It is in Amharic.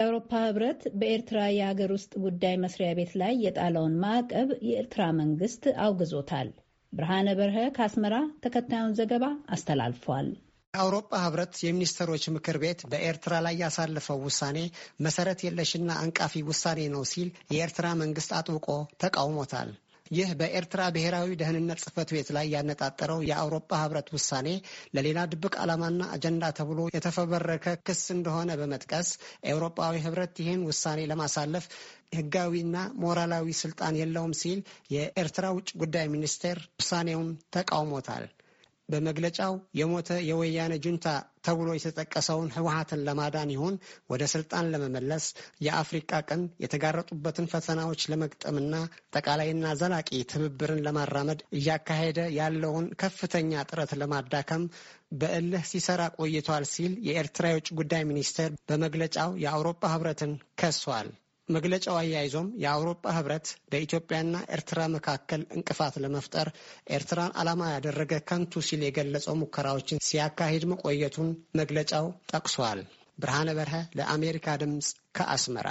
የአውሮፓ ህብረት በኤርትራ የሀገር ውስጥ ጉዳይ መስሪያ ቤት ላይ የጣለውን ማዕቀብ የኤርትራ መንግስት አውግዞታል። ብርሃነ በርሀ ከአስመራ ተከታዩን ዘገባ አስተላልፏል። የአውሮፓ ህብረት የሚኒስትሮች ምክር ቤት በኤርትራ ላይ ያሳለፈው ውሳኔ መሰረት የለሽና አንቃፊ ውሳኔ ነው ሲል የኤርትራ መንግስት አጥብቆ ተቃውሞታል። ይህ በኤርትራ ብሔራዊ ደህንነት ጽህፈት ቤት ላይ ያነጣጠረው የአውሮፓ ህብረት ውሳኔ ለሌላ ድብቅ ዓላማና አጀንዳ ተብሎ የተፈበረከ ክስ እንደሆነ በመጥቀስ አውሮፓዊ ህብረት ይህን ውሳኔ ለማሳለፍ ህጋዊና ሞራላዊ ስልጣን የለውም ሲል የኤርትራ ውጭ ጉዳይ ሚኒስቴር ውሳኔውን ተቃውሞታል። በመግለጫው የሞተ የወያኔ ጁንታ ተብሎ የተጠቀሰውን ህወሀትን ለማዳን ይሁን ወደ ስልጣን ለመመለስ የአፍሪቃ ቀን የተጋረጡበትን ፈተናዎች ለመግጠምና ጠቃላይና ዘላቂ ትብብርን ለማራመድ እያካሄደ ያለውን ከፍተኛ ጥረት ለማዳከም በእልህ ሲሰራ ቆይቷል ሲል የኤርትራ የውጭ ጉዳይ ሚኒስቴር በመግለጫው የአውሮፓ ህብረትን ከሷል። መግለጫው አያይዞም የአውሮፓ ህብረት በኢትዮጵያና ኤርትራ መካከል እንቅፋት ለመፍጠር ኤርትራን ዓላማ ያደረገ ከንቱ ሲል የገለጸው ሙከራዎችን ሲያካሂድ መቆየቱን መግለጫው ጠቅሷል። ብርሃነ በርሀ ለአሜሪካ ድምፅ ከአስመራ